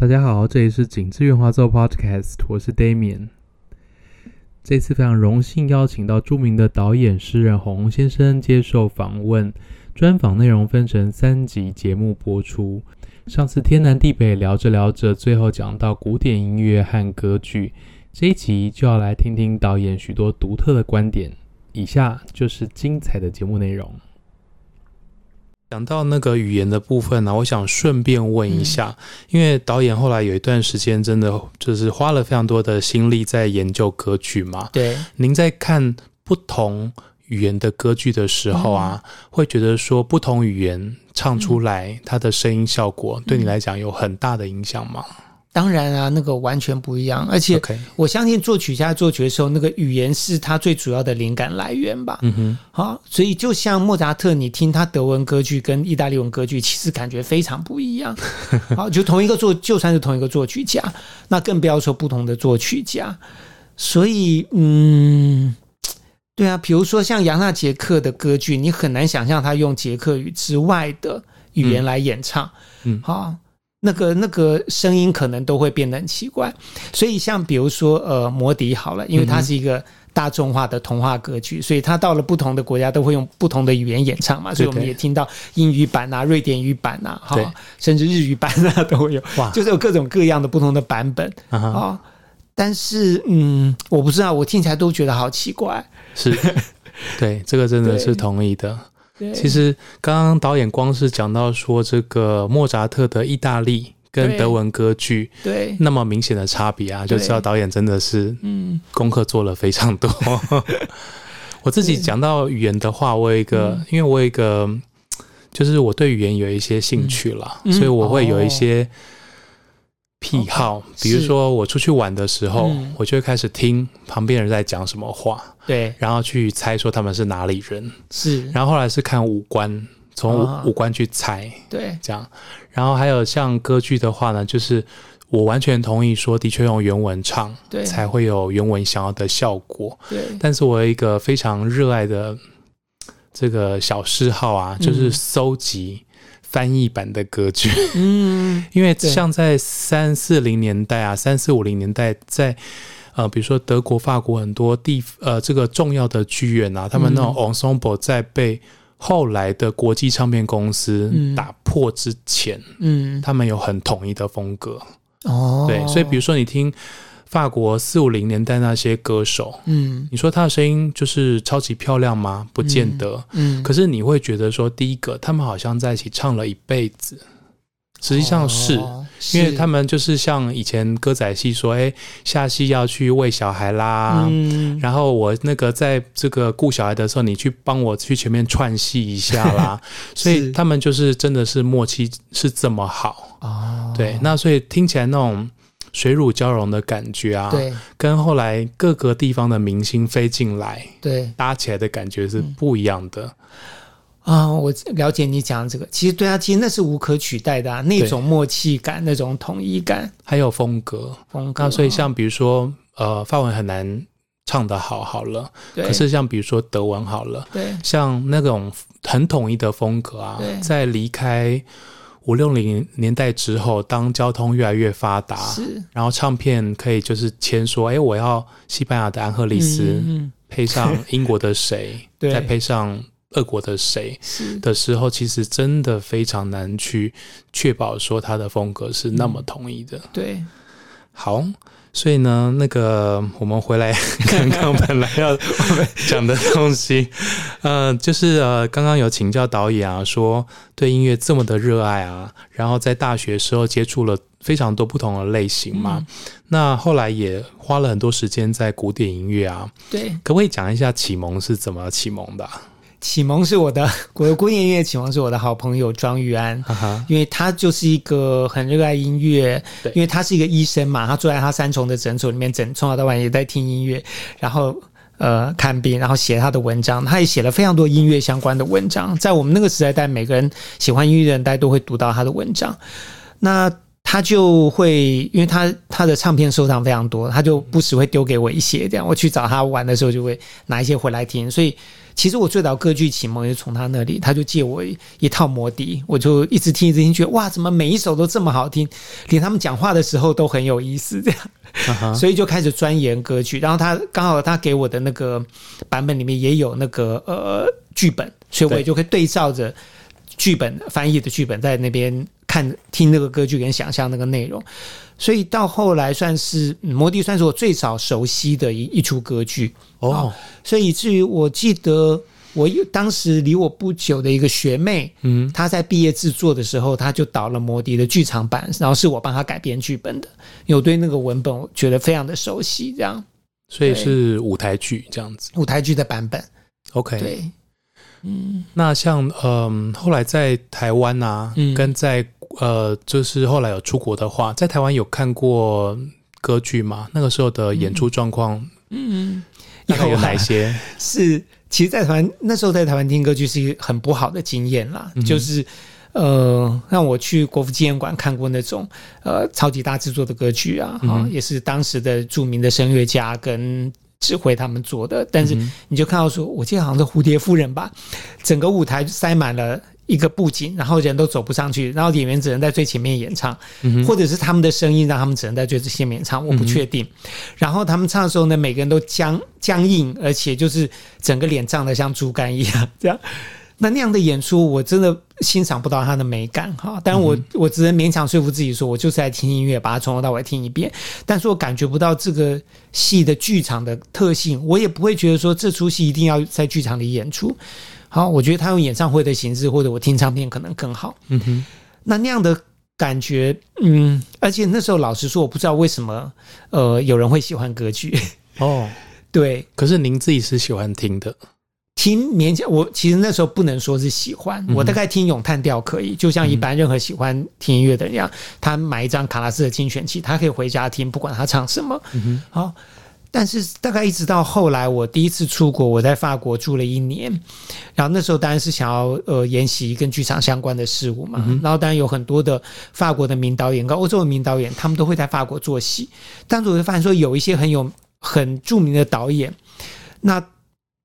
大家好，這裡是緊緻圓滑奏 Podcast，我是 Damien。這次非常榮幸邀請到著名的導演詩人鴻鴻先生接受訪問。專訪內容分成三集節目播出。上次天南地北聊着聊着，最後講到古典音樂和歌劇，這一集就要來聽聽導演許多獨特的觀點。以下就是精彩的節目內容。講到那個語言的部分呢、啊，我想順便問一下、嗯，因為導演後來有一段時間真的就是花了非常多的心力在研究歌曲嘛。對，您在看不同語言的歌劇的時候啊，哦、會覺得說不同語言唱出來它的聲音效果對你來講有很大的影響嗎？嗯嗯當然啊，那個完全不一樣，而且我相信作曲家作曲的時候，okay。那個語言是他最主要的靈感來源吧。嗯哼。好，所以就像莫扎特，你聽他德文歌劇跟意大利文歌劇，其實感覺非常不一樣。好，就同一個作就算是同一個作曲家，那更不要說不同的作曲家。所以，嗯，對啊，比如說像揚納傑克的歌劇，你很難想象他用捷克語之外的語言來演唱。嗯，嗯好。那個那個聲音可能都會變得很奇怪，所以像比如說呃，魔笛好了，因為它是一個大眾化的童話歌劇，所以它到了不同的國家都會用不同的語言演唱嘛，所以我們也聽到英語版啊、對對瑞典語版啊，哈、哦，甚至日語版啊都會有，就是有各種各樣的不同的版本啊、哦。但是嗯，我不知道，我聽起來都覺得好奇怪。是，對，這個真的是同意的。其實，剛剛導演光是講到說這個莫扎特的意大利跟德文歌劇，對，那麼明顯的差別啊，就知道導演真的是，嗯，功課做了非常多。 我自己講到語言的話，我有一個，因為我有一個，就是我對語言有一些興趣了，嗯，所以我會有一些。癖好，okay, 比如說我出去玩的時候，嗯、我就會開始聽旁邊人在講什麼話，對，然後去猜說他們是哪裡人，是，然後後來是看五官，從五、啊、五官去猜，對，這樣，然後還有像歌劇的話呢，就是我完全同意說，的確用原文唱，對，才會有原文想要的效果，對，但是我有一個非常熱愛的這個小嗜好啊，就是蒐集。嗯翻譯版的歌劇、嗯，嗯，因為像在三四零年代啊，三四五零年代在，在呃，比如說德國、法國很多地呃，這個重要的劇院啊，他們那種 ensemble 在被後來的國際唱片公司打破之前，嗯，他們有很統一的風格，哦、嗯，對，所以比如說你聽。法國四五零年代那些歌手，嗯，你說他的聲音就是超級漂亮嗎？不見得，嗯。嗯，可是你會覺得說，第一個他們好像在一起唱了一輩子，實際上是，哦、因為他們就是像以前歌仔戲說，哎，下戲要去餵小孩啦，嗯，然後我那個在這個顧小孩的時候，你去幫我去前面串戲一下啦，呵呵所以他們就是真的是默契是這麼好啊、哦。對，那所以聽起來那種。嗯水乳交融的感覺啊，對，跟後來各個地方的明星飛進來，對，搭起來的感覺是不一樣的、嗯、啊。我了解你講這個，其實對啊，其實那是無可取代的啊，那種默契感，那種統一感，還有風格，風格。所以像比如說，呃，法文很難唱得好，好了，可是像比如說德文，好了，像那種很統一的風格啊，在離開。五六零年代之後，當交通越來越發達，是、然後唱片可以就是簽說，哎、欸，我要西班牙的安赫里斯配上英國的誰、嗯嗯嗯， 再配上俄國的誰，的時候，其實真的非常難去確保說他的風格是那麼統一的、嗯。對，好，所以呢，那個我們回來剛剛本來要講的東西。 呃，就是呃，剛剛有請教導演啊，說對音樂這麼的熱愛啊，然後在大學時候接觸了非常多不同的類型嘛。嗯、那後來也花了很多時間在古典音樂啊。對，可不可以講一下啟蒙是怎麼啟蒙的？啟蒙是我的，我的古典音樂啟蒙是我的好朋友莊玉安、啊哈，因為他就是一個很熱愛音樂，因為他是一個醫生嘛，他坐在他三重的診所裡面，從早到晚也在聽音樂，然後。呃，看病，然後寫他的文章，他也寫了非常多音樂相關的文章。在我們那個時代，代每個人喜歡音樂的人，大家都會讀到他的文章。那他就會，因為他他的唱片收藏非常多，他就不時會丟給我一些，這樣我去找他玩的時候，就會拿一些回來聽。所以。其實我最早歌劇啟蒙也從他那裡，他就借我一套魔笛，我就一直聽一直聽，覺得哇，怎麼每一首都這麼好聽，連他們講話的時候都很有意思，這樣，Uh-huh. 所以就開始鑽研歌劇。然後他剛好他給我的那個版本裡面也有那個呃劇本，所以我也就可以對照着劇本翻譯的劇本在那邊。看聽那個歌劇跟想象那個內容，所以到後來算是《魔笛》，算是我最早熟悉的一一齣歌劇哦、oh.。所以至於我記得我，我有當時離我不久的一個學妹，嗯，她在畢業製作的時候，她就導了《魔笛》的劇場版，然後是我幫她改編劇本的，有對那個文本，我覺得非常的熟悉，這樣。所以是舞台劇這樣子，舞台劇的版本，OK，對，嗯。那像嗯，後來在台灣啊、嗯，跟在呃，就是後來有出國的話，在台灣有看過歌劇嗎？那個時候的演出狀況，嗯，還、嗯嗯、有哪些、啊？是，其實，在台灣那時候在台灣聽歌劇是一個很不好的經驗啦、嗯。就是，呃，讓我去國父紀念館看過那種呃超級大製作的歌劇啊、哦嗯，也是當時的著名的聲樂家跟指揮他們做的。但是你就看到說，我記得好像是《蝴蝶夫人》吧，整個舞台塞滿了。一個布景，然後人都走不上去，然後演員只能在最前面演唱，嗯、或者是他們的聲音讓他們只能在最前面唱，我不確定、嗯。然後他們唱的時候呢，每個人都僵僵硬，而且就是整個臉脹得像豬肝一樣。這樣，那那樣的演出我真的欣賞不到它的美感哈。但我我只能勉強說服自己說，我就是在聽音樂，把它從頭到尾聽一遍。但是我感覺不到這個戲的劇場的特性，我也不會覺得說這齣戲一定要在劇場裡演出。好，我覺得他用演唱會的形式，或者我聽唱片可能更好。嗯哼，那那樣的感覺，嗯，而且那時候老實說，我不知道為什麼，呃，有人會喜歡歌劇。哦，對，可是您自己是喜歡聽的，聽勉強。我其實那時候不能說是喜歡，我大概聽詠嘆調可以、嗯，就像一般任何喜歡聽音樂的人一樣，嗯、他買一張卡拉斯的精選集，他可以回家聽，不管他唱什麼。嗯哼，好。但是大概一直到後來，我第一次出國，我在法國住了一年，然後那時候當然是想要呃研習跟劇場相關的事物嘛。然後當然有很多的法國的名導演跟歐洲的名導演，他們都會在法國做戲。但是我就發現說，有一些很有很著名的導演，那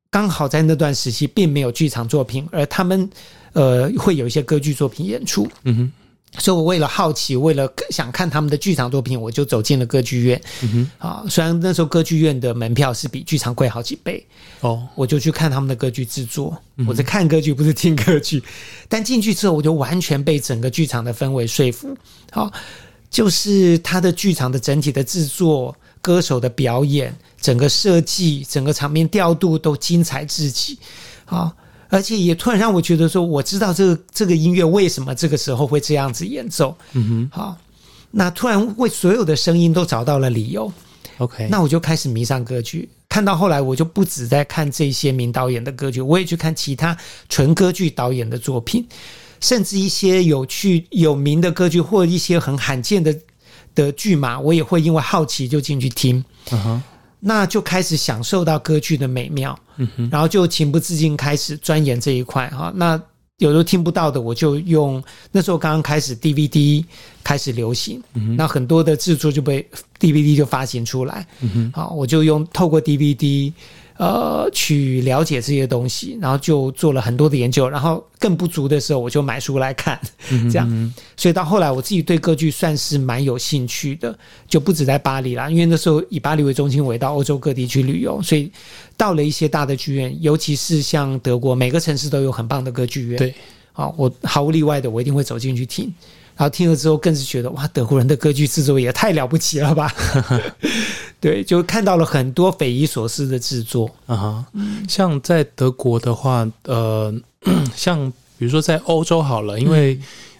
剛好在那段時期並沒有劇場作品，而他們呃會有一些歌劇作品演出。嗯哼。所以，我為了好奇，為了想看他們的劇場作品，我就走進了歌劇院，嗯。啊，雖然那時候歌劇院的門票是比劇場貴好幾倍哦，我就去看他們的歌劇製作。嗯、我在看歌劇，不是聽歌劇，但進去之後，我就完全被整個劇場的氛圍說服，啊。就是他的劇場的整體的製作、歌手的表演、整個設計、整個場面調度都精彩至極。啊而且也突然讓我覺得說，我知道這個這個音樂為什麼這個時候會這樣子演奏。嗯哼，好，那突然為所有的聲音都找到了理由。OK，那我就開始迷上歌劇。看到後來，我就不止在看這些名導演的歌劇，我也去看其他純歌劇導演的作品，甚至一些有趣有名的歌劇或者一些很罕見的的劇碼，我也會因為好奇就進去聽。嗯哼。那就開始享受到歌劇的美妙。嗯哼，然後就情不自禁開始鑽研這一塊哈。那有時候聽不到的，我就用那時候剛剛開始 DVD 開始流行，嗯、那很多的制作就被 DVD 就發行出來，啊、嗯，好，我就用透過 DVD。呃，去了解這些東西，然後就做了很多的研究。然後更不足的時候，我就買書來看，這樣。嗯嗯嗯。所以到後來，我自己對歌劇算是蠻有興趣的。就不止在巴黎啦，因為那時候以巴黎為中心，我也到歐洲各地去旅遊。所以到了一些大的劇院，尤其是像德國，每個城市都有很棒的歌劇院。對，啊、哦，我毫無例外的，我一定會走進去聽。然後聽了之後，更是覺得哇，德國人的歌劇製作也太了不起了吧。 對，就看到了很多匪夷所思的製作啊哈、嗯，像在德國的話，呃，像比如說在歐洲好了，因為、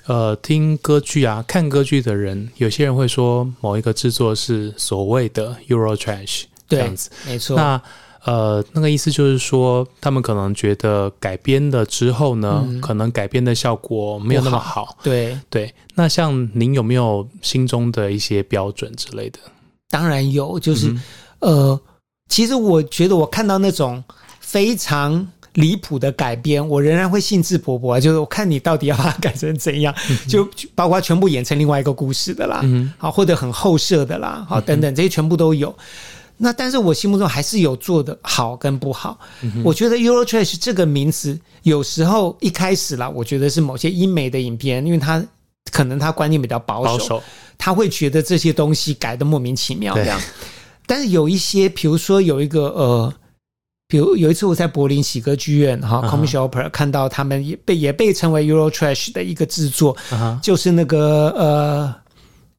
嗯、呃，聽歌劇啊，看歌劇的人，有些人會說某一個製作是所謂的 Euro Trash 這樣子，沒錯。那呃，那個意思就是說，他們可能覺得改編了之後呢，嗯、可能改編的效果沒有那麼好。好對對，那像您有沒有心中的一些標準之類的？當然有，就是、嗯，呃，其實我覺得我看到那種非常離譜的改編，我仍然會興致勃勃，就是我看你到底要把它改成怎樣，嗯、就包括全部演成另外一個故事的啦，嗯、好或者很後設的啦，好等等，這些全部都有。那但是我心目中還是有做的好跟不好。嗯、我覺得《Eurotrash》這個名詞有時候一開始啦，我覺得是某些英美的影片，因為它。可能他觀念比較保守，保守，他會覺得這些東西改的莫名其妙，對、啊、但是有一些，比如說有一個呃，比如有一次我在柏林喜歌劇院哈 c o m m i s i o n Oper） 看到他們也被也被稱為 Euro Trash 的一個製作、嗯，就是那個呃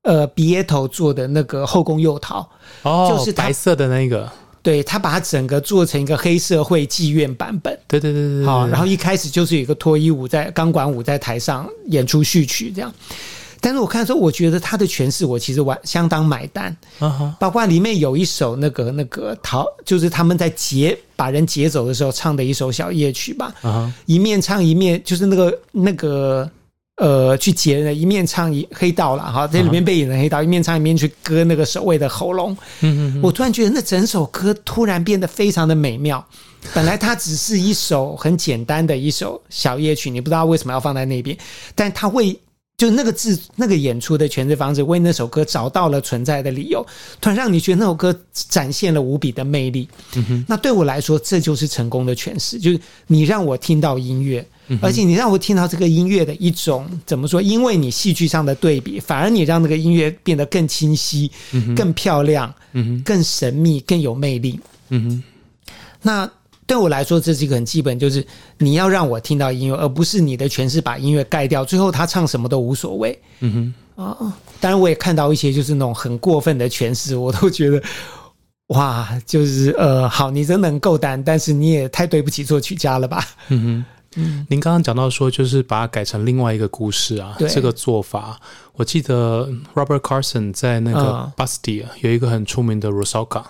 呃比 i 做的那個《後宮右桃，哦，就是白色的那個。對，他把它整個做成一個黑社會妓院版本。對對對對，對，好，然後一開始就是有一個脫衣舞在鋼管舞在台上演出序曲這樣，但是我看說我覺得他的詮釋我其實完相當買單，啊、uh -huh. 包括裡面有一首那個那個逃，就是他們在劫把人劫走的時候唱的一首小夜曲吧，啊、uh -huh.，一面唱一面就是那個那個。呃，去截了一面唱一黑道了哈，這裡面被演成黑道、啊，一面唱一面去割那個守衛的喉嚨。嗯嗯，我突然覺得那整首歌突然變得非常的美妙。本來它只是一首很簡單的一首小夜曲，你不知道為什麼要放在那邊，但它會就那個字那個演出的詮釋方式，為那首歌找到了存在的理由。突然讓你覺得那首歌展現了無比的魅力。嗯，那對我來說，這就是成功的詮釋，就是你讓我聽到音樂。而且你讓我聽到這個音樂的一種怎麼說？因為你戲劇上的對比，反而你讓那個音樂變得更清晰，嗯、更漂亮，嗯、更神秘、更有魅力。嗯，那對我來說，這是一個很基本，就是你要讓我聽到音樂，而不是你的詮釋把音樂蓋掉，最後他唱什麼都無所謂。嗯，當然、哦、我也看到一些就是那種很過分的詮釋，我都覺得哇，就是呃，好，你真能夠擔，但是你也太對不起作曲家了吧？嗯嗯，您剛剛講到說，就是把它改成另外一個故事啊，對，這個做法，我記得 Robert Carson 在那個 Bastille 有一個很出名的 Rusalk、哦、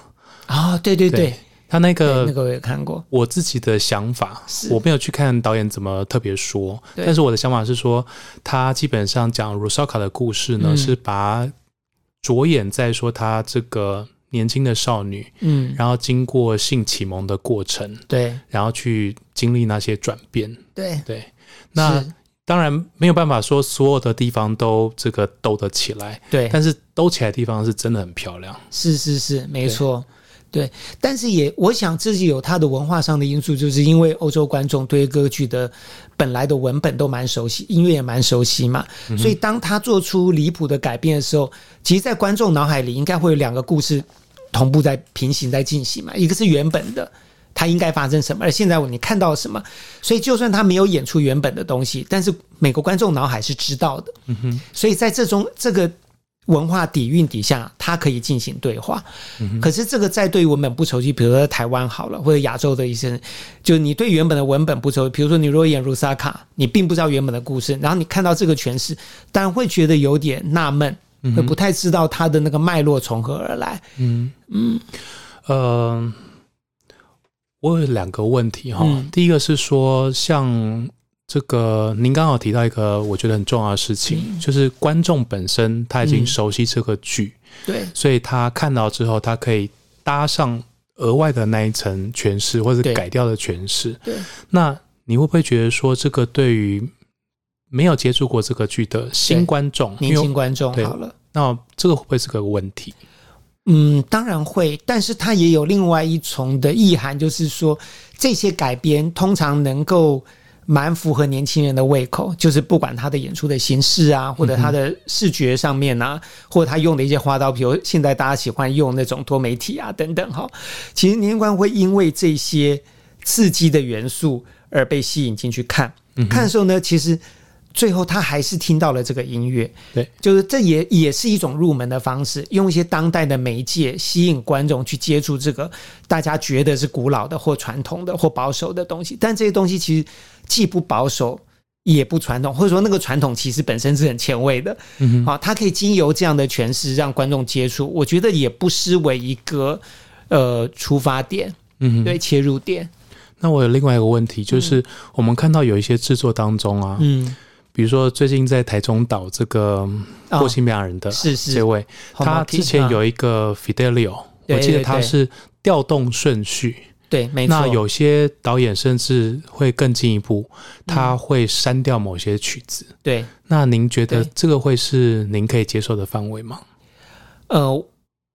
a 啊，對對對，對他那個那個我也看過。我自己的想法，是，我沒有去看導演怎麼特別說，但是我的想法是說，他基本上講 Rusalka 的故事呢、嗯，是把着眼在說他這個。年輕的少女，嗯，然後經過性啟蒙的過程，對，然後去經歷那些轉變，對對。那當然沒有辦法說所有的地方都這個兜得起來，對。但是兜起來的地方是真的很漂亮，是是是，沒錯，對。但是也，我想自己有他的文化上的因素，就是因為歐洲觀眾對歌劇的本來的文本都蠻熟悉，音樂也蠻熟悉嘛、嗯，所以當他做出離譜的改變的時候，其實，在觀眾腦海裡應該會有兩個故事。同步在平行在進行嘛，一個是原本的，它應該發生什麼？而現在你看到什麼？所以就算他沒有演出原本的東西，但是美國觀眾腦海是知道的。嗯哼。所以在這種這個文化底蘊底下，它可以進行對話。嗯哼。可是這個在對文本不熟悉，比如說台灣好了，或者亞洲的一些人，就你對原本的文本不熟悉。比如說你如果演《魯莎卡》，你並不知道原本的故事，然後你看到這個詮釋，但會覺得有點納悶。不太知道它的那個脈絡從何而來。嗯嗯，呃，我有兩個問題齁。嗯、第一個是說，像這個，您剛好提到一個我覺得很重要的事情，嗯、就是觀眾本身他已經熟悉這個劇，對、嗯，所以他看到之後，他可以搭上額外的那一層詮釋，或者改掉的詮釋。對，那你會不會覺得說，這個對於沒有接觸過這個劇的新觀眾，年輕觀眾好了，那這個會不會是個問題？嗯，當然會，但是它也有另外一重的意涵，就是說，這些改編通常能夠蠻符合年輕人的胃口，就是不管他的演出的形式啊，或者他的視覺上面啊，嗯、或者他用的一些花刀，比如現在大家喜歡用的那種多媒體啊等等哈，其實年輕觀會因為這些刺激的元素而被吸引進去看，嗯、看的時候呢，其實。最後，他還是聽到了這個音樂，對，就是這也也是一種入門的方式，用一些當代的媒介吸引觀眾去接觸這個大家覺得是古老的或傳統的或保守的東西，但這些東西其實既不保守也不傳統，或者說那個傳統其實本身是很前衛的，啊、嗯，好，它可以經由這樣的詮釋讓觀眾接觸，我覺得也不失為一個呃出發點，嗯哼，對，切入點。那我有另外一個問題，就是我們看到有一些製作當中啊，嗯。嗯比如說，最近在台中導這個《波希米亞人》的這位，他之前有一個 Fidelio，我記得他是調動順序。對，沒錯。那有些導演甚至會更進一步，他會刪掉某些曲子。對，那您覺得這個會是您可以接受的範圍嗎？嗯、呃，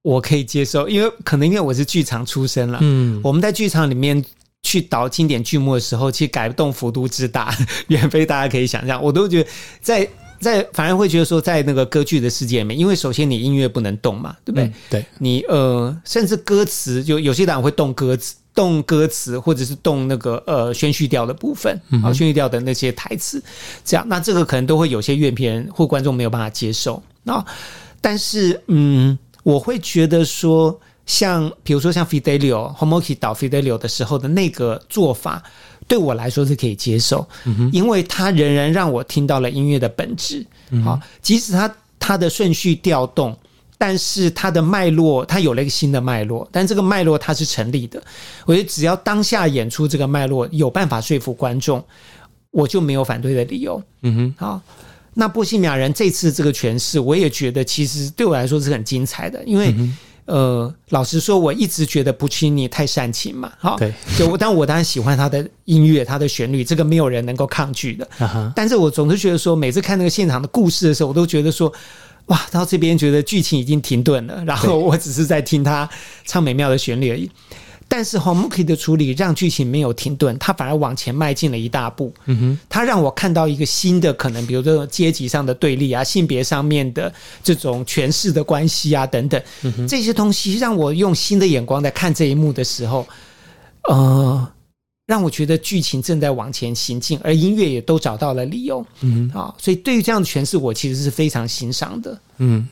我可以接受，因為可能因為我是劇場出身了。嗯，我們在劇場裡面。去導經典劇目的時候，去改動幅度之大，遠非大家可以想象。我都覺得在，在在，反而會覺得說，在那個歌劇的世界裡面，因為首先你音樂不能動嘛，嗯、對不對？對你呃，甚至歌詞就有些人會動歌詞，動歌詞或者是動那個呃宣敘調的部分啊、嗯，宣敘調的那些台詞，這樣那這個可能都會有些樂評人或觀眾沒有辦法接受。那但是嗯，我會覺得說。像比如說像 Fidelio、mm-hmm. Homoki 導 Fidelio 的時候的那個做法，對我來說是可以接受，因為它仍然讓我聽到了音樂的本質。好，mm-hmm. 即使它它的順序調動，但是它的脈絡，它有了一個新的脈絡，但這個脈絡它是成立的。我覺得只要當下演出這個脈絡有辦法說服觀眾，我就沒有反對的理由。嗯哼，好，那波西米亞人這次這個詮釋，我也覺得其實對我來說是很精彩的，因為 mm-hmm. 呃，老實說，我一直覺得普契尼太煽情嘛，好，對，就我，但我當然喜歡他的音樂，他的旋律，這個沒有人能夠抗拒的。Uh-huh，但是我總是覺得說，每次看那個現場的故事的時候，我都覺得說，哇，到這邊覺得劇情已經停頓了，然後我只是在聽他唱美妙的旋律而已。但是，好，m 們 k i 的處理讓劇情沒有停頓，它反而往前邁進了一大步。嗯哼，它讓我看到一個新的可能，比如說階級上的對立啊，性別上面的這種詮釋的關係啊等等、嗯哼，這些東西讓我用新的眼光在看這一幕的時候，呃、嗯哦，讓我覺得劇情正在往前行進，而音樂也都找到了理由。嗯哼，啊、哦，所以對於這樣的詮釋，我其實是非常欣賞的。嗯。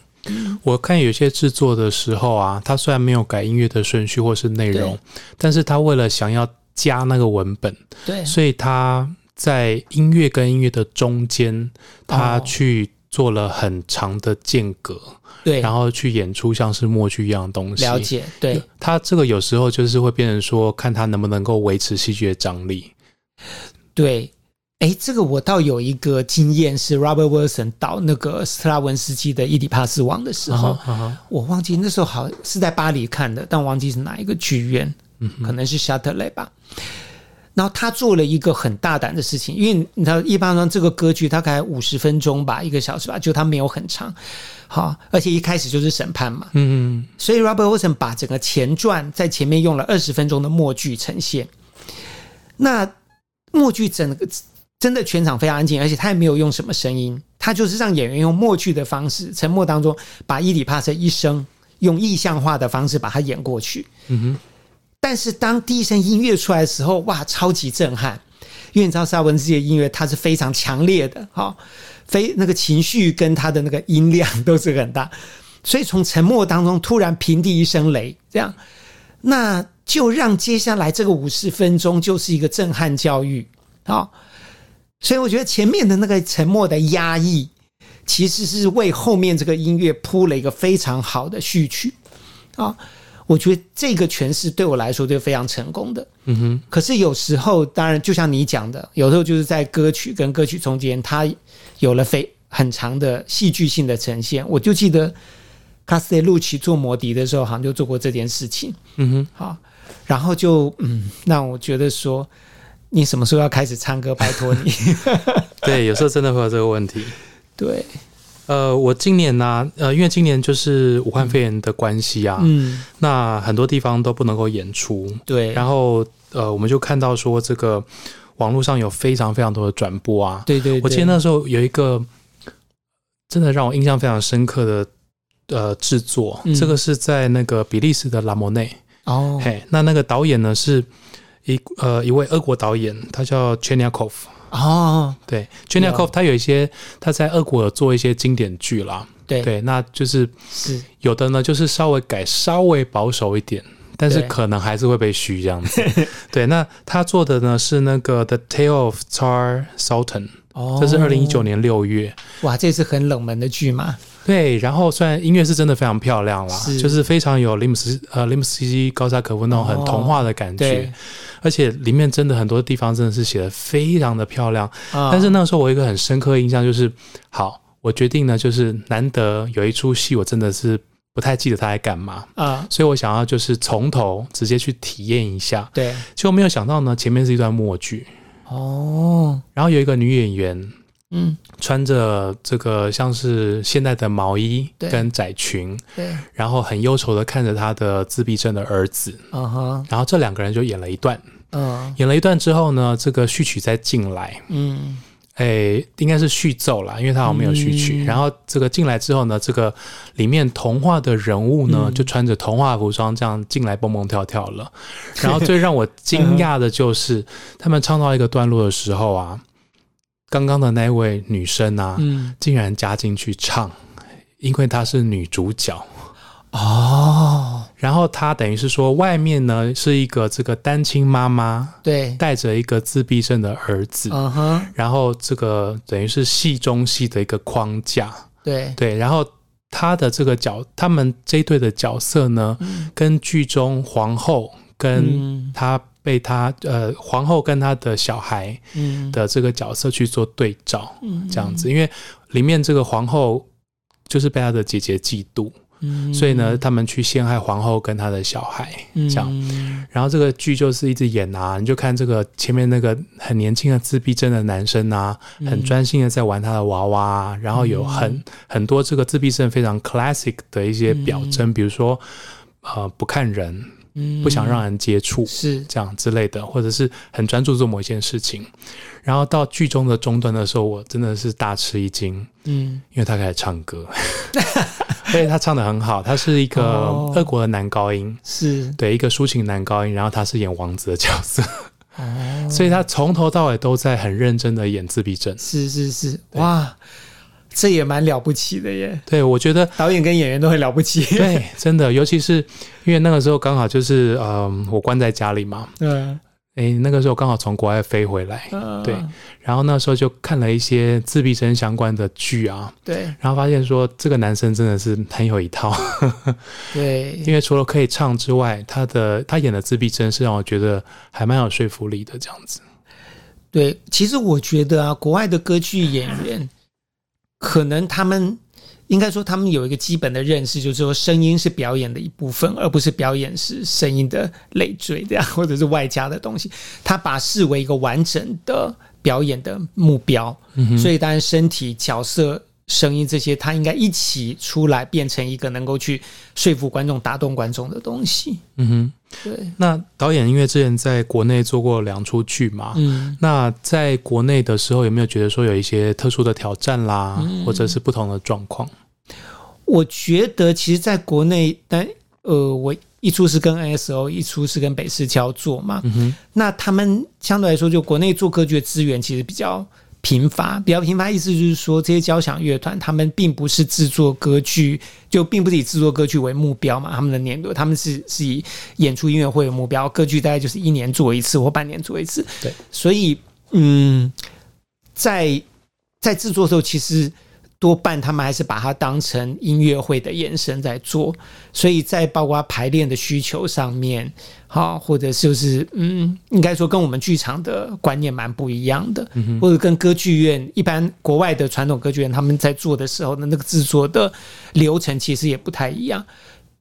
我看有些製作的時候啊，他雖然沒有改音樂的順序或是內容，但是他為了想要加那個文本，對，所以他在音樂跟音樂的中間，他去做了很長的間隔，對、哦，然後去演出像是默劇一樣的東西。了解，對。他這個有時候就是會變成說，看他能不能夠維持戲劇的張力，對。哎，這個我倒有一個經驗，是 Robert Wilson 導那個斯特拉文斯基的《伊底帕斯王》的時候，oh, oh, oh, 我忘記那時候好像是在巴黎看的，但我忘記是哪一個劇院，嗯、可能是夏特雷吧。然後他做了一個很大膽的事情，因為你知道，一般上這個歌劇大概五十分鐘吧，一個小時吧，就他沒有很長。好，而且一開始就是審判嘛，嗯嗯，所以 Robert Wilson 把整個前傳在前面用了二十分鐘的默劇呈現，那默劇整個。真的全場非常安靜，而且他也沒有用什麼聲音，他就是讓演員用默劇的方式，沉默當中把伊底帕斯一生用意象化的方式把它演過去。嗯哼。但是當第一聲音樂出來的時候，哇，超級震撼！因為你知道史特拉汶斯基的音樂，它是非常強烈的，非、哦、那個情緒跟他的那個音量都是很大，所以從沉默當中突然平地一聲雷，這樣，那就讓接下來這個五十分鐘就是一個震撼教育，哦所以我覺得前面的那個沉默的壓抑，其實是為後面這個音樂鋪了一個非常好的序曲啊。我覺得這個詮釋對我來說就非常成功的。嗯哼。可是有時候，當然就像你講的，有時候就是在歌曲跟歌曲中間，它有了非很長的戲劇性的呈現。我就記得卡斯泰路奇做魔笛的時候，好像就做過這件事情。嗯哼。好、啊，然後就嗯，讓我覺得說。你什麼時候要開始唱歌？拜托你。 對，有時候真的會有這個問題。對，呃，我今年呢、啊，呃，因為今年就是武漢肺炎的關係啊，嗯，那很多地方都不能夠演出。對，然後呃，我們就看到說這個網絡上有非常非常多的轉播啊。對，對，對，對，對我記得那時候有一個真的讓我印象非常深刻的呃製作、嗯，這個是在那個比利時的拉莫內哦，嘿，那那個導演呢是。一呃，一位俄國導演，他叫 Chernyakov 哦，對 Chernyakov 他有一些他在俄國做一些經典劇啦。對對，那就是是有的呢，就是稍微改，稍微保守一點，但是可能還是會被噓這樣對, 對，那他做的呢是那個《The Tale of Tsar Saltan、oh,》，這是二零一九年六月。哇，這是很冷門的劇嘛？對，然後雖然音樂是真的非常漂亮了，就是非常有林姆斯呃，林姆斯基高沙可夫那種很童話的感覺，而且裡面真的很多地方真的是寫得非常的漂亮，嗯，但是那個時候我有一個很深刻的印象就是，好，我決定呢，就是難得有一齣戲，我真的是不太記得他在幹嘛啊，嗯，所以我想要就是從頭直接去體驗一下，對，結果沒有想到呢，前面是一段默劇哦，然後有一個女演員。嗯，穿着這個像是現代的毛衣跟窄裙，對，對，然後很憂愁的看着他的自閉症的兒子，uh -huh. 然後這兩個人就演了一段，uh -huh. 演了一段之後呢，這個序曲再進來，嗯，哎，應該是序奏啦，因為他好像沒有序曲，uh -huh. 然後這個進來之後呢，這個裡面童話的人物呢，uh -huh. 就穿着童話服裝這樣進來蹦蹦跳跳了，uh -huh. 然後最讓我驚訝的就是 他們唱到一個段落的時候啊。剛剛的那位女生啊，嗯，竟然加進去唱，因為她是女主角哦。然後她等於是說，外面呢是一個這個單親媽媽，對，帶着一個自閉症的兒子，嗯哼。然後這個等於是戲中戲的一個框架，對對。然後她的這個角，他們這一對的角色呢、嗯，跟劇中皇後跟她、嗯。被他呃皇後跟他的小孩的這個角色去做對照，嗯，這樣子，因為裡面這個皇後就是被他的姐姐嫉妒，嗯，所以呢，他們去陷害皇後跟他的小孩，這樣，嗯。然後這個劇就是一直演啊，你就看這個前面那個很年輕的自閉症的男生啊，很專心的在玩他的娃娃，然後有很，嗯，很多這個自閉症非常 classic 的一些表徵，嗯，比如說呃不看人。嗯、不想讓人接觸是這樣之類的，或者是很專注做某一件事情，然後到劇中的中段的時候，我真的是大吃一驚，嗯，因為他開始唱歌， 所以他唱得很好，他是一個俄國的男高音，是、哦、對一個抒情男高音，然後他是演王子的角色，哦、所以他從頭到尾都在很認真的演自閉症，是是是，哇。這也蠻了不起的耶！對，我覺得導演跟演員都很了不起。對，真的，尤其是因為那個時候剛好就是嗯、呃，我關在家裡嘛。對、嗯。誒，那個時候剛好從國外飛回來。嗯。對。然後那時候就看了一些自閉症相關的劇啊。對。然後發現說這個男生真的是很有一套呵呵。對。因為除了可以唱之外，他的他演的自閉症是讓我覺得還蠻有說服力的，這樣子。對，其實我覺得啊，國外的歌劇演員。 可能他們應該說，他們有一個基本的認識，就是說，聲音是表演的一部分，而不是表演是聲音的累贅，這樣或者是外加的東西。他把視為一個完整的表演的目標，嗯、所以當然身體角色。聲音這些，它應該一起出來，變成一個能夠去說服觀眾、打動觀眾的東西。嗯哼，對。那導演因為之前在國內做過兩出劇嘛，嗯，那在國內的時候有沒有覺得說有一些特殊的挑戰啦，嗯、或者是不同的狀況？我覺得，其實在國內，但呃，我一出是跟 NSO，一出是跟北市交做嘛，嗯哼，那他們相對來說，就國內做歌劇的資源其實比較，貧乏比較貧乏，意思就是說，這些交響樂團他們並不是制作歌劇，就並不是以製作歌劇為目標嘛。他們的年度，他們是是以演出音樂會為目標，歌劇大概就是一年做一次或半年做一次。對，所以嗯，在在製作的時候，其實。多半他們還是把它當成音樂會的延伸在做，所以在包括排練的需求上面，哈，或者就是嗯，應該說跟我們劇場的觀念蠻不一樣的，或者跟歌劇院一般國外的傳統歌劇院他們在做的時候的那個制作的流程其實也不太一樣。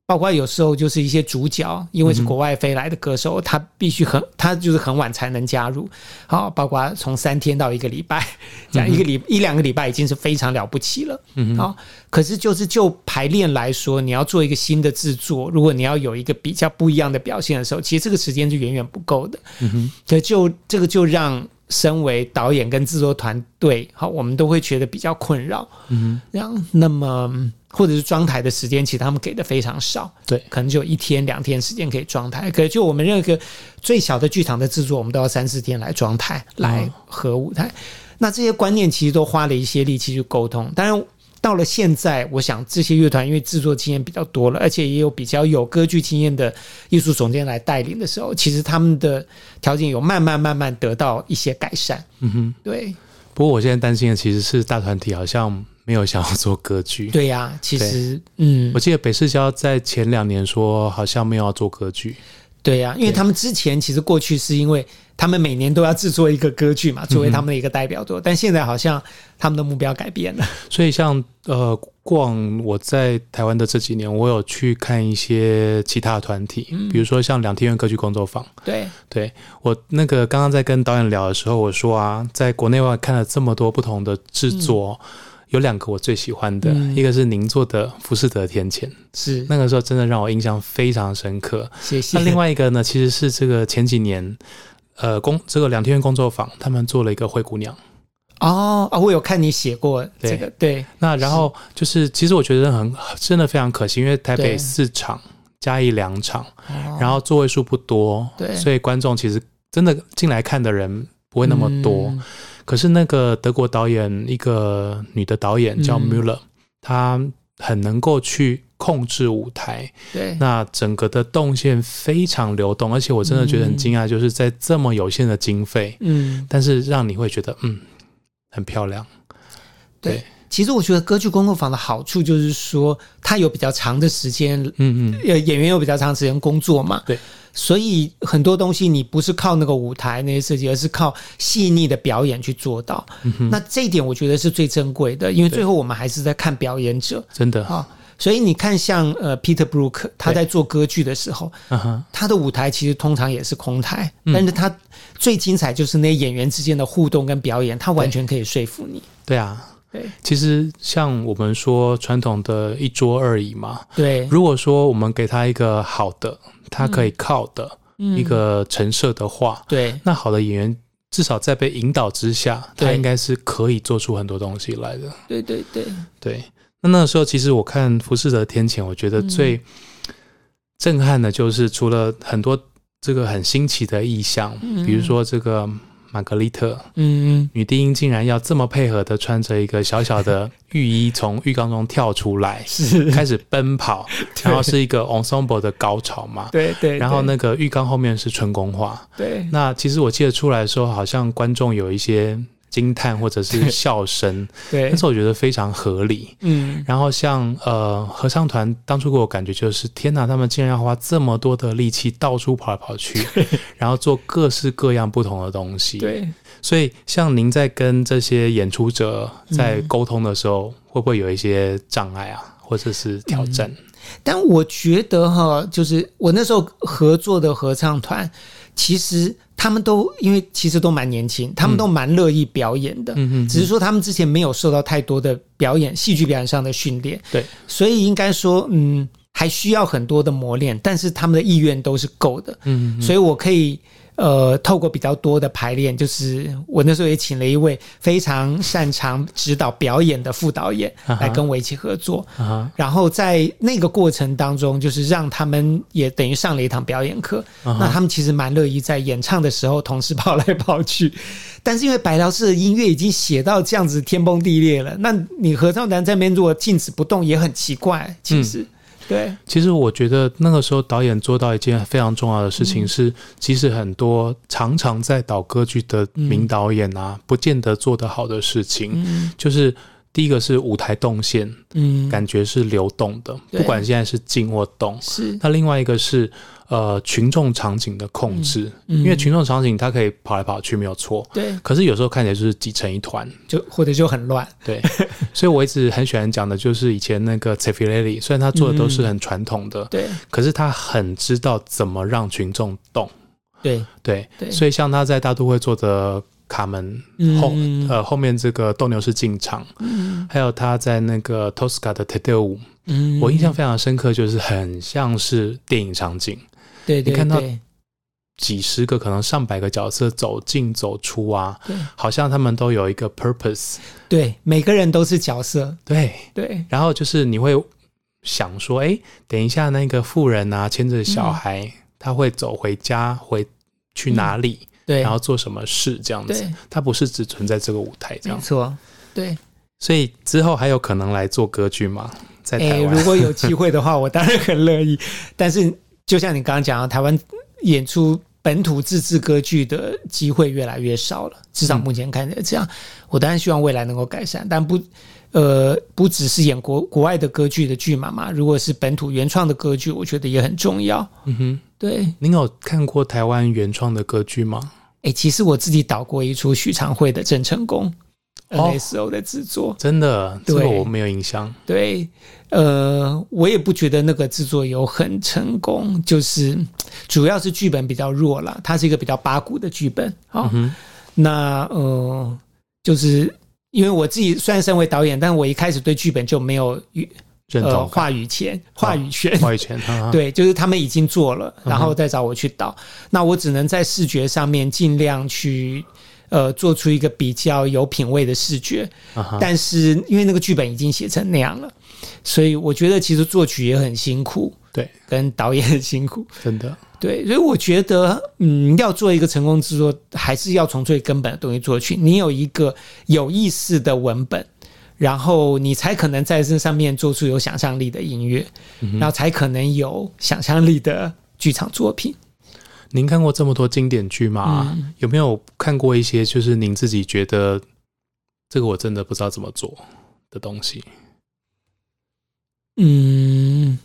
包括有時候就是一些主角，因為是國外飛來的歌手，嗯、他必須很他就是很晚才能加入。好，包括從三天到一個禮拜，講一個禮、嗯、一兩個禮拜已經是非常了不起了。嗯，好，可是就是就排練來說，你要做一個新的制作，如果你要有一個比較不一樣的表現的時候，其實這個時間是遠遠不夠的。嗯哼，可就這個就讓身為導演跟制作團隊，好，我們都會覺得比較困擾。嗯哼，這樣那麼。或者是裝臺的時間，其實他們給的非常少，對，可能就一天兩天時間可以裝臺。可就我們任何一個最小的劇場的制作，我們都要三四天來裝臺，來合舞台，哦。那這些觀念其實都花了一些力氣去溝通。當然，到了現在，我想這些樂團因為制作經驗比較多了，而且也有比較有歌劇經驗的藝術總監來帶領的時候，其實他們的條件有慢慢慢慢得到一些改善。嗯哼，對。不過我現在擔心的其實是大團體好像。沒有想要做歌劇，對呀、啊。其實，嗯，我記得北市交在前兩年說好像沒有要做歌劇，對呀、啊，因為他們之前其實過去是因為他們每年都要制作一個歌劇嘛，作為他們的一個代表作、嗯，但現在好像他們的目標改變了。所以像，像呃，逛我在台灣的這幾年，我有去看一些其他團體，比如說像兩廳院歌劇工作坊，對對。我那個剛剛在跟導演聊的時候，我說啊，在國內外看了這麼多不同的制作。嗯有兩個我最喜歡的、嗯、一個是您做的《浮士德》天譴，是那個時候真的讓我印象非常深刻。謝謝。那另外一個呢，其實是這個前幾年，呃，工這個兩廳院工作坊他們做了一個《灰姑娘》哦啊、哦，我有看你寫過。對，這個對。那然後就是，是其實我覺得很真的非常可惜，因為台北四場加一兩場、哦，然後座位數不多，所以觀眾其實真的進來看的人不會那麼多。嗯可是那個德國導演，一個女的導演叫 Miller 她、嗯、很能夠去控制舞台，對，那整個的動線非常流動，而且我真的覺得很驚訝、嗯，就是在這麼有限的經費，嗯，但是讓你會覺得嗯很漂亮，對。對其實我覺得歌劇工作坊的好處就是說，它有比較長的時間，嗯嗯，演員有比較長時間工作嘛，對，所以很多東西你不是靠那個舞台那些設計，而是靠細膩的表演去做到。嗯哼，那這一點我覺得是最珍貴的，因為最後我們還是在看表演者，真的哈，所以你看，像呃，Peter Brook 他在做歌劇的時候，他的舞台其實通常也是空台，嗯，但是他最精彩就是那些演員之間的互動跟表演，他完全可以說服你。對，對啊。其實像我們說傳統的“一桌二椅”嘛，對。如果說我們給他一個好的，他可以靠的一個陳設的話，嗯嗯，對。那好的演員，至少在被引導之下，他應該是可以做出很多東西來的。對對對對。對那那個時候，其實我看《浮世的天譴》，我覺得最震撼的，就是除了很多這個很新奇的意象，嗯，比如說這個。瑪格麗特，嗯、嗯，女低音竟然要這麼配合的穿着一個小小的浴衣從浴缸中跳出來， 是開始奔跑， 然後是一個 ensemble 的高潮嘛？對對、對、對，然後那個浴缸後面是純公話。對，那其實我記得出來的時候，好像觀眾有一些。驚嘆或者是笑聲，對，但是我覺得非常合理，嗯。然後像呃，合唱團當初給我感覺就是，天哪，他們竟然要花這麼多的力氣到處跑來跑去，然後做各式各樣不同的東西，對。所以像您在跟這些演出者在溝通的時候，嗯，會不會有一些障礙啊，或者是挑戰？嗯，但我覺得哈，就是我那時候合作的合唱團。其實他們都因為其實都蠻年輕，他們都蠻樂意表演的，嗯，只是說他們之前沒有受到太多的表演、戲劇表演上的訓練，對，所以應該說，嗯，還需要很多的磨練，但是他們的意願都是夠的，嗯，所以我可以。呃，透過比較多的排練，就是我那時候也請了一位非常擅長指導表演的副導演來跟我一起合作啊。Uh -huh. Uh -huh. 然後在那個過程當中，就是讓他們也等於上了一堂表演課。Uh -huh. 那他們其實蠻樂意在演唱的時候，同時跑來跑去。但是因為白老師的音樂已經寫到這樣子天崩地裂了，那你合唱團這邊如果靜止不動也很奇怪，其實。嗯對，其實我覺得那個時候導演做到一件非常重要的事情是，嗯、其實很多常常在導歌劇的名導演啊，嗯、不見得做得好的事情，嗯、就是。第一個是舞台動線，嗯，感覺是流動的，不管現在是靜或動。是。那另外一個是，呃，群眾場景的控制，嗯嗯、因為群眾場景他可以跑來跑去，沒有錯。對。可是有時候看起來就是擠成一團，就或者就很亂。對。 所以我一直很喜歡講的就是以前那個 Zeffirelli，雖然他做的都是很傳統的、嗯，對。可是他很知道怎麼讓群眾動。對對對。所以像他在大都會做的。卡門後、嗯，呃，後面這個鬥牛士進場、嗯，還有他在那個 Tosca 的 Te Deum、嗯、我印象非常深刻，就是很像是電影場景。對,對,對，你看到幾十個，可能上百個角色走進走出啊，好像他們都有一個 purpose。對，每個人都是角色。對對。然後就是你會想說，哎、欸，等一下那個婦人啊，牽着小孩，他、嗯、會走回家，回去哪裡？嗯對，然後做什麼事這樣子，對，它不是只存在這個舞台，這樣，沒錯，對，所以之後還有可能來做歌劇嗎？在台灣、欸，如果有機會的話， 我當然很樂意。但是就像你剛剛講的，台灣演出本土自製歌劇的機會越來越少了，至少目前看來這樣、嗯，我當然希望未來能夠改善。但不，呃，不只是演國國外的歌劇的劇碼嘛，如果是本土原創的歌劇，我覺得也很重要。嗯哼，對，您有看過台灣原創的歌劇嗎？欸、其實我自己導過一出許常惠的《鄭成功》哦，那時候的制作，真的，對我沒有影響。對，呃，我也不覺得那個制作有很成功，就是主要是劇本比較弱了，它是一個比較八股的劇本啊，嗯。那呃，就是因為我自己雖然身為導演，但我一開始對劇本就沒有。呃話，話語權，啊、話語權，話語權。對，就是他們已經做了，然後再找我去導。嗯、那我只能在視覺上面盡量去，呃，做出一個比較有品味的視覺、啊。但是因為那個劇本已經寫成那樣了，所以我覺得其實作曲也很辛苦，對，跟導演很辛苦，真的。對，所以我覺得，嗯，要做一個成功製作，還是要從最根本的東西做起。你有一個有意思的文本。然後你才可能在這上面做出有想象力的音樂，嗯，然後才可能有想象力的劇場作品。您看過這麼多經典劇嗎？嗯，有沒有看過一些就是您自己覺得這個我真的不知道怎麼做的東西？嗯，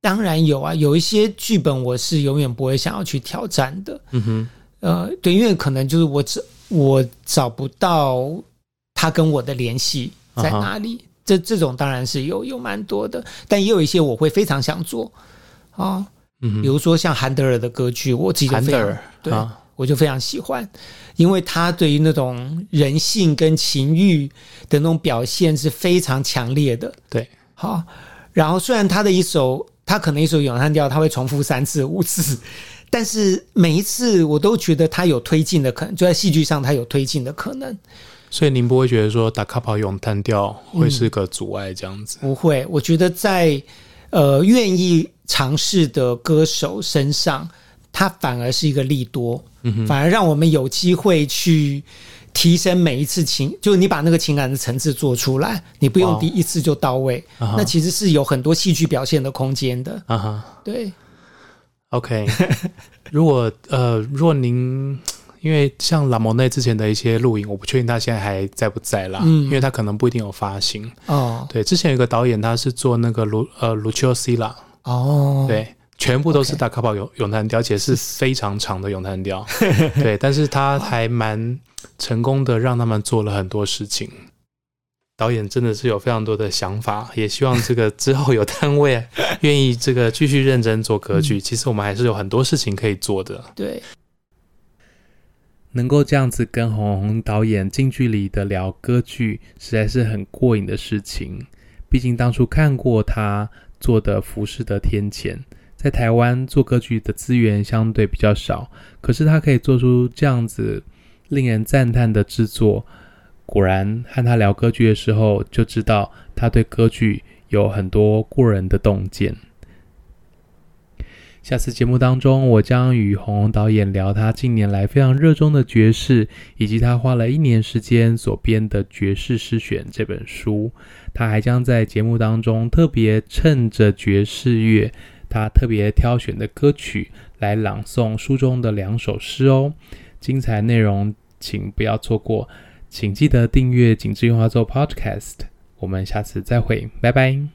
當然有啊，有一些劇本我是永遠不會想要去挑戰的。嗯哼，呃，對，因為可能就是我我找不到。他跟我的聯繫在哪裡？Uh -huh. 這這種當然是有有蠻多的，但也有一些我會非常想做啊，mm -hmm. 比如說像韓德爾的歌劇，我自己韓德爾，我就非常喜歡，因為他對於那種人性跟情欲的那種表現是非常強烈的。對，好，啊，然後雖然他的一首，他可能一首詠嘆調他會重複三次五次，但是每一次我都覺得他有推進的可能，就在戲劇上他有推進的可能。所以您不會覺得說打卡跑詠嘆調會是個阻礙這樣子，嗯？不會，我覺得在呃願意嘗試的歌手身上，它反而是一個利多，嗯，反而讓我們有機會去提升每一次情，就是你把那個情感的層次做出來，你不用第一次就到位，那其實是有很多戲劇表現的空間的啊哈，嗯，對，OK， 如果呃，如果您。因為像拉蒙內之前的一些錄影，我不確定他現在還在不在啦、嗯。因為他可能不一定有發行。哦，對，之前有一個導演，他是做那個盧呃 Lucio Silla。Silla, 哦，對，全部都是大咖跑詠詠嘆調，而且是非常長的詠嘆調，對，但是他還蠻成功的，讓他們做了很多事情。 導演真的是有非常多的想法，也希望這個之後有單位願 意這個繼續認真做歌劇、嗯。其實我們還是有很多事情可以做的。對。能夠這樣子跟鴻鴻導演近距離的聊歌劇，實在是很過癮的事情。畢竟當初看過他做的《浮士德的天譴》，在台灣做歌劇的資源相對比較少，可是他可以做出這樣子令人讚嘆的制作。果然和他聊歌劇的時候，就知道他對歌劇有很多過人的洞見。下次節目當中，我將與鴻鴻導演聊他近年來非常熱衷的爵士，以及他花了一年時間所編的《爵士詩選》這本書。他還將在節目當中特別趁着爵士樂，他特別挑選的歌曲來朗誦書中的兩首詩哦。精彩內容請不要錯過，請記得訂閱《緊緻圓滑奏》Podcast。我們下次再會，拜拜。